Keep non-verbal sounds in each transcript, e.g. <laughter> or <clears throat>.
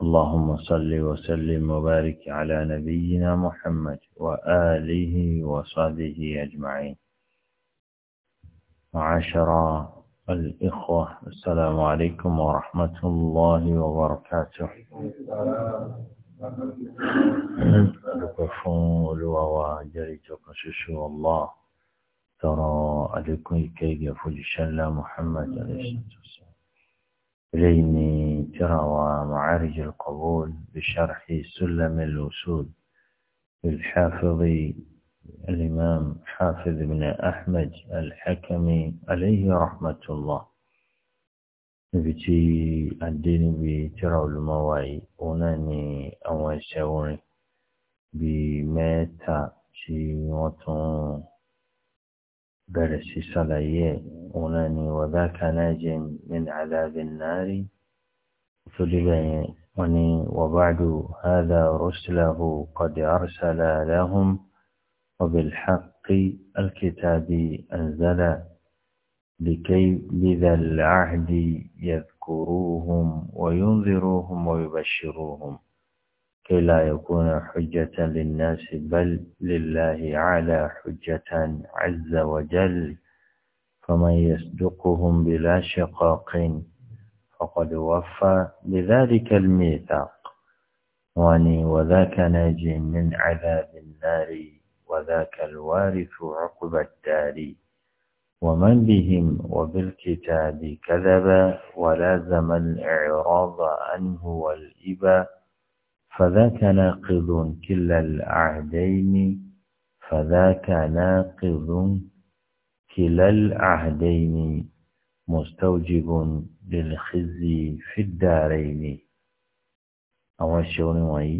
اللهم صل وسلم وبارك على نبينا محمد وآله وصحبه أجمعين معاشر الإخوة السلام عليكم ورحمة الله وبركاته لكفون لواوا جريت وقششو الله ترى عليكم كي يفوج محمد عليه الصلاة والسلام إليني ترى معارج القبول بشرح سلم الوسود للحافظ الإمام حافظ بن أحمد الحكمي عليه رحمة الله نبتي الدين بترى الموعي أناني أول شاوري بمتى شي وطن برسي صلايه وناني وذاك ناج من عذاب النار فلبني وني وبعد هذا رسله قد ارسل لهم وبالحق الكتاب انزل لكي بذا العهد يذكروهم وينذروهم ويبشروهم كي يكون حجة للناس بل لله على حجة عز وجل فمن يصدقهم بلا شقاق فقد وفى بذلك الميثاق واني وذاك ناج من عذاب النار وذاك الوارث عقب الدار ومن بهم وبالكتاب كذبا ولازم الإعراض عنه والإبا فذاك ناقض كلا العهدين فذاك ناقض كلا العهدين مستوجب للخزي في الدارين àwọn ṣe orin wọ̀nyí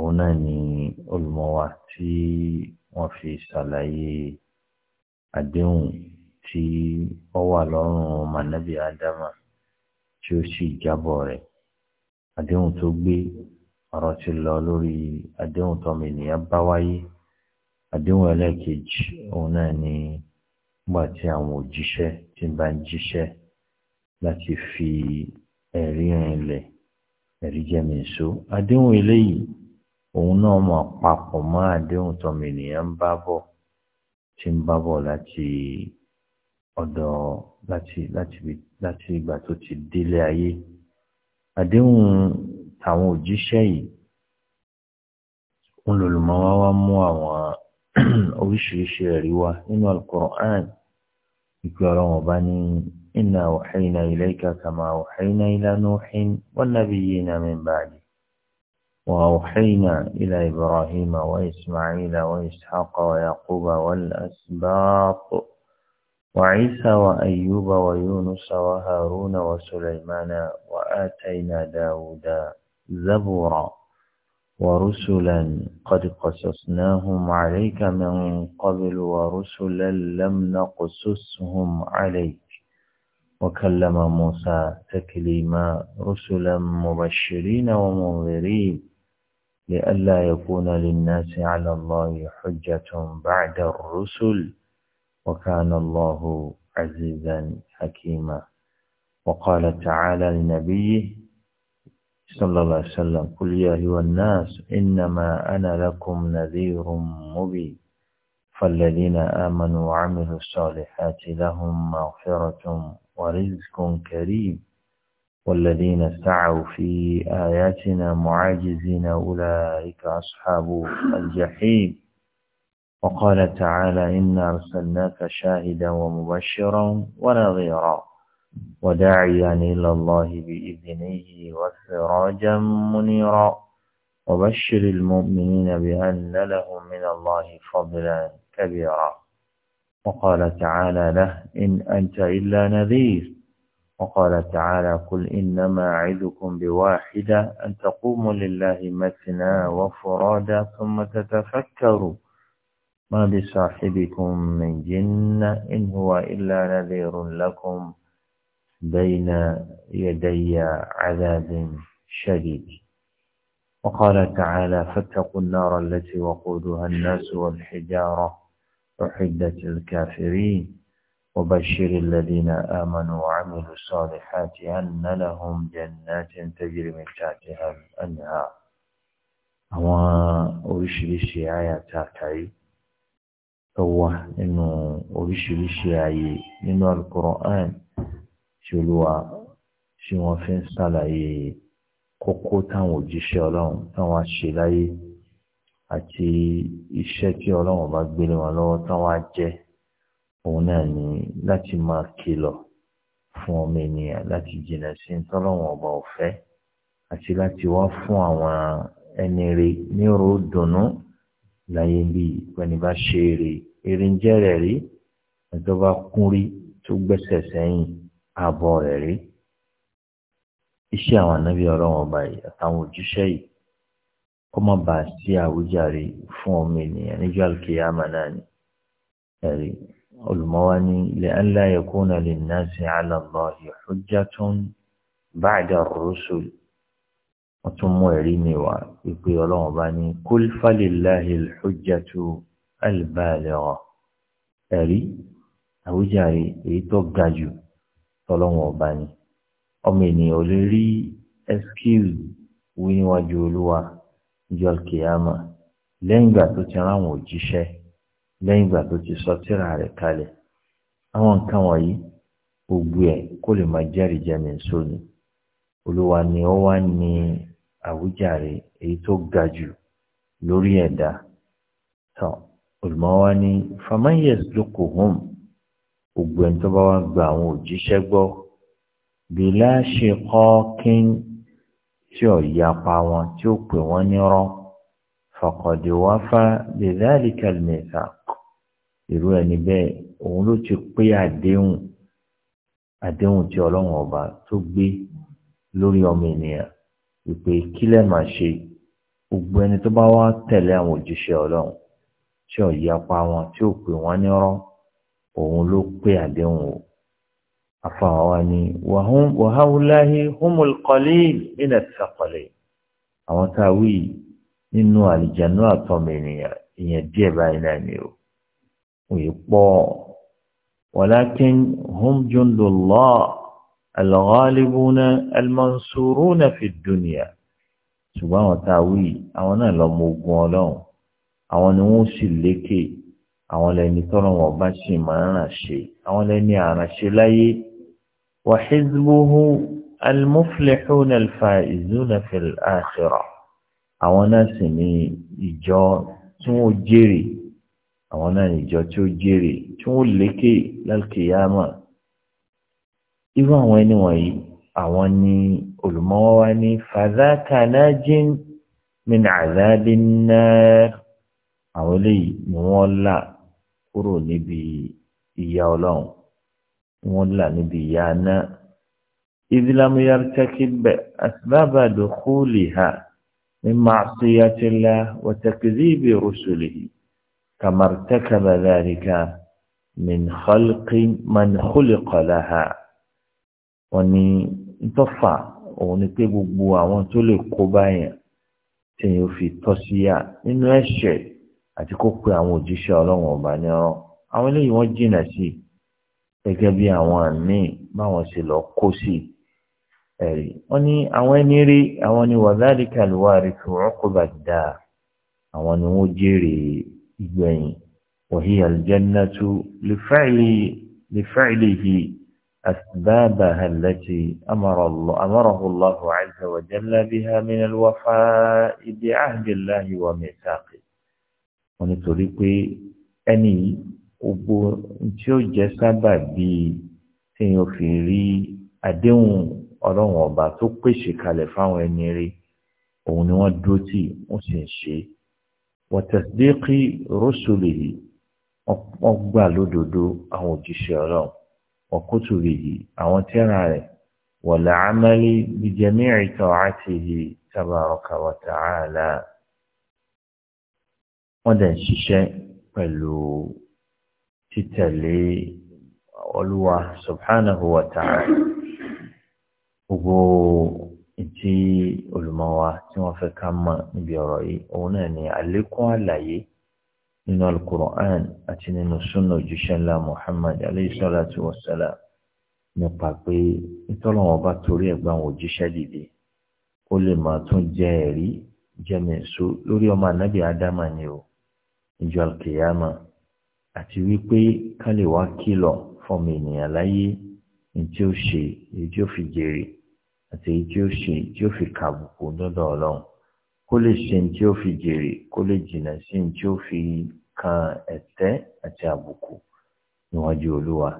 òun náà ni olùmọ̀wá tí wọ́n fi ṣàlàyé àdéhùn tí ó wà lọ́rùn mànábì ádámà tí ó sì jábọ̀ rẹ̀ àdéhùn tó gbé ọ̀rọ̀ ti lọ lórí àdéhùn tọmọ ènìyàn bá wáyé àdéhùn ẹlẹ́ẹ̀kejì òun náà ni nígbà tí àwọn òjíṣẹ́ ti bá ń jíṣẹ́ láti fi ẹ̀rí rinlẹ̀ ẹ̀rí jẹ́mi èso àdéhùn eléyìí òun náà mọ̀ papọ̀ mọ́ àdéhùn tọmọ ènìyàn bá bọ̀ tí ń bá bọ̀ láti ọ̀dọ̀ láti láti láti ìgbà tó ti délé ayé àdéhùn àwọn òjíṣẹ́ yìí ń lòlùmọ́ wá wá mú àwọn <clears throat> oríṣiríṣi ẹ̀rí wá nínú alukur'an ìpè ọlọ́wọ́n bá ní inna wàhálà ilayka kama wàhálà ila nuhin wan nabiyina min ba'di وأوحينا إلى إبراهيم وإسماعيل وإسحاق ويعقوب والأسباط وعيسى وأيوب ويونس وهارون وسليمان وآتينا داود زبورا ورسلا قد قصصناهم عليك من قبل ورسلا لم نقصصهم عليك وكلم موسى تكليما رسلا مبشرين ومنذرين لئلا يكون للناس على الله حجة بعد الرسل وكان الله عزيزا حكيما وقال تعالى لنبيه صلى الله عليه وسلم قل يا أيها الناس إنما أنا لكم نذير مبين فالذين آمنوا وعملوا الصالحات لهم مغفرة ورزق كريم والذين سعوا في آياتنا معاجزين أولئك أصحاب الجحيم وقال تعالى إنا أرسلناك شاهدا ومبشرا ونظيرا وداعيا إلى الله بإذنه وسراجا منيرا وبشر المؤمنين بأن لهم من الله فضلا كبيرا وقال تعالى له إن أنت إلا نذير وقال تعالى قل إنما أعدكم بواحدة أن تقوموا لله مثنى وفرادا ثم تتفكروا ما بصاحبكم من جن إن هو إلا نذير لكم بين يدي عذاب شديد وقال تعالى فاتقوا النار التي وقودها الناس والحجارة أحدت الكافرين وبشر الذين آمنوا وعملوا الصالحات أن لهم جنات تجري من تحتها الأنهار هو أرشد الشيعة tó wà nínú oríṣiríṣi ààyè nínú alukur'an ṣolúwa tí wọ́n fi ń ṣàlàyé kókó táwọn òjíṣẹ́ ọlọ́run táwọn àṣeláyé àti iṣẹ́ tí ọlọ́run bá gbélé wọn lọ́wọ́ táwọn á jẹ́ òun náà ni láti máa kìlọ̀ fún ọmọ ènìyàn láti jìnnà sí tọ́lọ́wọ̀n ọba ọ̀fẹ́ àti láti wá fún àwọn ẹni rí ní ròdùnú láyé bí ìpẹ́ni bá ṣe èrè èrè ń jẹ́ rẹ̀ rí ẹjọ́ bá kún rí tó gbẹ́sẹ̀ sẹ́yìn ààbọ̀ rẹ̀ rí iṣẹ́ àwọn ànábì ọlọ́run ọba yìí àtàwọn òjíṣẹ́ yìí kó má bàa sí àwíjàre fún ọmọ ènìyàn níjọ́ àlùkìyàmà náà ni ẹ̀rí olùmọ́wá ní ilẹ̀ ńlá yẹ kó nà sí àlọ́ lọ́ọ́ hujjatun ba'da ar-rusul wọ́n tún mú ẹ̀rí mi wá wípé ọlọ́run bá ní kul falillahi al-hujjatu al-baligha ẹ̀rí àwíjàre èyí tó ga jù tọ́lọ́run ọba ni ọmọ ènìyàn ò lè rí ẹ́skíìlì wí níwájú olúwa ìjọ kìámà lẹ́yìn ìgbà tó ti ráwọn òjíṣẹ́ lẹ́yìn ìgbà tó ti sọ tírà rẹ̀ kalẹ̀ àwọn nǹkan wọ̀nyí gbogbo ẹ̀ kó lè máa jẹ́rìí jẹ́mi sóni olúwa ni ó wá ní àwíjàre èyí tó ga jù lórí ẹ̀dá tán olùmọ́wá ní famayes lóko hom gbogbo ẹni tó bá wá gba àwọn òjíṣẹ́ gbọ́ bílá ṣe kọ́ kín tí ò yapa wọn tí ó pè wọ́n nírọ́ fàkọ̀dé wá fá bílá àlìkàlùmẹ̀ta irú ẹni bẹ́ẹ̀ òun ló ti pé àdéhùn àdéhùn tí ọlọ́run ọba tó gbé lórí ọmọ ènìyàn ìpè kílẹ̀ máa ṣe gbogbo ẹni tó bá wá tẹ̀lé àwọn òjíṣẹ́ ọlọ́run tí ò yapa wọn tí ò pè wọ́n nírọ́ òun ló pé àdéhùn o àfàwọn ni wàhálàhí humul qalil mina thaqalain àwọn tá a wí nínú àlìjáná àtọmọ ènìyàn ìyẹn díẹ̀ báyìí náà ni o òye pọ̀ walakin hum al-ghalibuna al-mansuruna fi dunya ṣùgbọ́n àwọn tá a wí àwọn náà lọ mọ ogun ọlọ́run àwọn ni wọ́n sì lékè àwọn lẹni tọ́rọ̀ wọn bá sì máa ń ràn ṣe àwọn lẹni àrànṣe láyé wa hizbuhu al-muflihuna al-faizuna fil akhirah àwọn náà sì ní ìjọ tí wọ́n jèrè àwọn náà ní ìjọ tí ó jèrè tí wọ́n lékè lálùkìyàmà irú àwọn ẹni wọ̀nyí àwọn ni olùmọ́wọ́ wa ní fàdákà nájín min àzáàbí náà àwọn eléyìí ni wọ́n là kúrò níbi ìyà ọlọ́run wọ́n là níbi ìyà náà ìdílámù yára tẹ́kí bẹ́ àtibábà dòkúlì ha ní màṣíyàtìlá wàtẹ́kìdìbì rùsùlì kàmàrtẹ́kàbà dàríkà min xalqi man wọ́n ní ntọ́fà òun ni pé gbogbo àwọn tó lè kó báyẹn tẹ̀yìn ò fi tọ́ sí yá nínú ẹ̀ṣẹ̀ àti kó pe àwọn òjíṣẹ́ ọlọ́run ọba ní ọ̀rọ̀ àwọn eléyìí wọ́n jìnnà sí gẹ́gẹ́ bí àwọn àmì báwọn ṣe lọ kó sí ẹ̀rí wọ́n ní àwọn ẹni rí àwọn ni wàdálìkà lùwà rí fi rọ́pò bá dà àwọn ni wọ́n jèrè ìgbẹ̀yìn wọ̀hí àlùjẹ́nàtú lè fẹ́ ìlì yìí. أسبابها التي أمر الله أمره الله عز وجل بها من الوفاء بعهد الله وميثاقه ونتوري pé ẹni gbogbo tí ó jẹ́ sábà bíi téèyàn fi rí àdéhùn ọlọ́run ọba tó pèsè kalẹ̀ fáwọn ẹni rí òun ni wọ́n ṣe ọ̀kútù rèyí àwọn tẹ́ra rẹ̀ wọ̀lá amẹ́lí bìjẹ́mí ìtọ́ àti ìhì tabaraka wa ta'ala. wọ́n dẹ̀ ń ṣiṣẹ́ pẹ̀lú títẹ̀lé olúwa subhanahu wa ta'ala. gbogbo ìtí olùmọ̀ wa tí wọ́n fẹ́ ká mọ̀ níbi ọ̀rọ̀ yìí òun náà ni àlékún àlàyé nínú alukur'an àti nínú sunna òjíṣẹ́ ńlá muhammad aleyhi salatu wa salam nípa pé ìtọ́lọ́wọ́n bá torí ẹ̀gbọ́n àwọn òjíṣẹ́ dìde ó lè máa tún jẹ́ ẹ̀rí jẹ́mẹ̀só lórí ọmọ ànábì ádámà ni o ìjọ alkiyama àti wípé ká wá kìlọ̀ fọmọ ènìyàn láyé ní ó ṣe èyí tí ó fi jèrè àti èyí tí ó ṣe tí ó fi kàbùkù dọ́dọ̀ ọlọ́run kó lè ṣe ní tí ó fi jèrè kó lè jìnnà sí ní tí ó fi kan ẹ̀tẹ́ àti àbùkù níwájú olúwa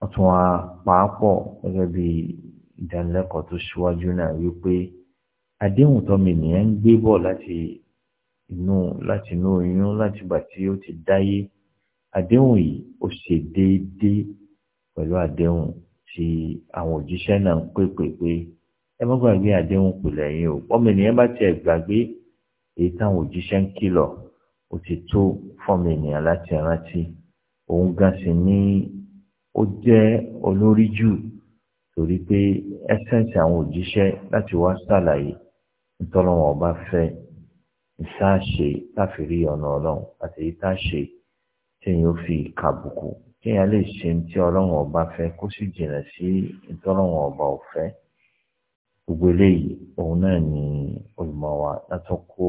wọ́n tún wá pàápọ̀ gẹ́gẹ́ bí ìdánilẹ́kọ̀ọ́ tó ṣíwájú náà wípé àdéhùn tọ́mi nìyẹn ń gbé bọ̀ láti inú láti inú oyún láti gbà tí ó ti dáyé àdéhùn yìí ó ṣe déédéé pẹ̀lú àdéhùn tí àwọn òjíṣẹ́ náà ń pèpè pé. pé ẹ má gbàgbé àdéhùn kù lẹ́yìn o ọmọ ènìyàn bá tiẹ̀ gbàgbé èyí táwọn òjíṣẹ́ ń kìlọ̀ ó ti tó fọ́ọ̀mù ènìyàn láti rántí òun gan sì ní ó jẹ́ olórí jù torí pé ẹsẹ̀nsì àwọn òjíṣẹ́ láti wá sàlàyé ntọ́lọ́wọ́n ọba fẹ́ ìsáàṣe láfìrí ọ̀nà ọlọ́run àti èyí tá a ó fi kàbùkù téèyàn lè ṣe ní tí ọlọ́run ọba fẹ́ kó sì jìnnà sí ntọ́lọ́wọ́n ọba ò gbogbo eléyìí òun náà ni olùmọ̀wà látọ̀ kó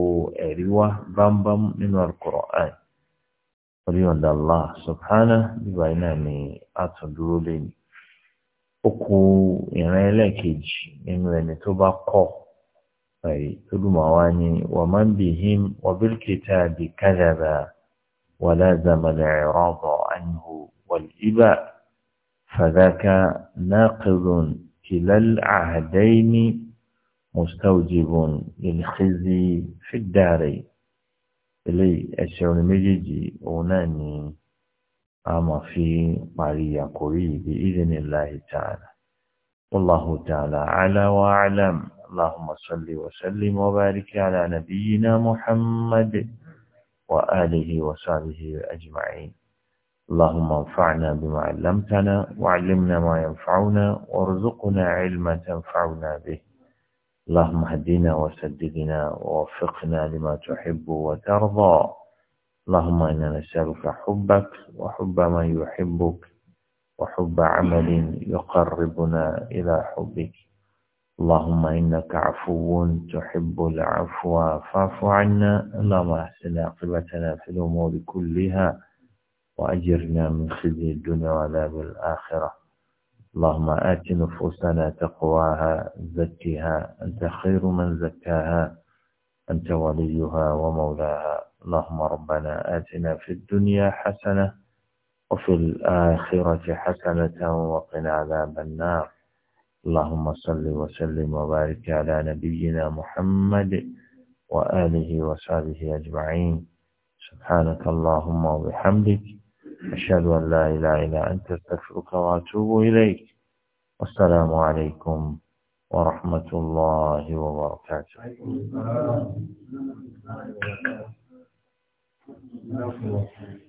ẹ̀rí wá bámbám nínú al-Qur'an orí ọ̀dà Allah subhana bíbá iná ni a tún dúró lẹ́yìn. ó kù ìran ẹlẹ́ẹ̀kejì nínú ẹni tó bá kọ̀ ẹ̀rí tó lùmọ̀wá ni wa man bihim wa bil kitabi kadhaba wa lazama al-i'rada anhu wal-iba fadhaka naqidun. كلا العهدين مستوجب للخزي في الدار إلي أشعر مجيجي أوناني أما في ماريا قري بإذن الله تعالى والله تعالى على وأعلم اللهم صل وسلم وبارك على نبينا محمد وآله وصحبه أجمعين اللهم انفعنا بما علمتنا وعلمنا ما ينفعنا وارزقنا علما تنفعنا به اللهم اهدنا وسددنا ووفقنا لما تحب وترضى اللهم إنا نسألك حبك وحب من يحبك وحب عمل يقربنا إلى حبك اللهم إنك عفو تحب العفو فاعف عنا اللهم احسن عاقبتنا في الأمور كلها وأجرنا من خزي الدنيا وعذاب الآخرة اللهم آت نفوسنا تقواها زكها أنت خير من زكاها أنت وليها ومولاها اللهم ربنا آتنا في الدنيا حسنة وفي الآخرة حسنة وقنا عذاب النار اللهم صل وسلم وبارك على نبينا محمد وآله وصحبه أجمعين سبحانك اللهم وبحمدك أشهد أن لا إله إلا أنت استغفرك وأتوب إليك والسلام عليكم ورحمة الله وبركاته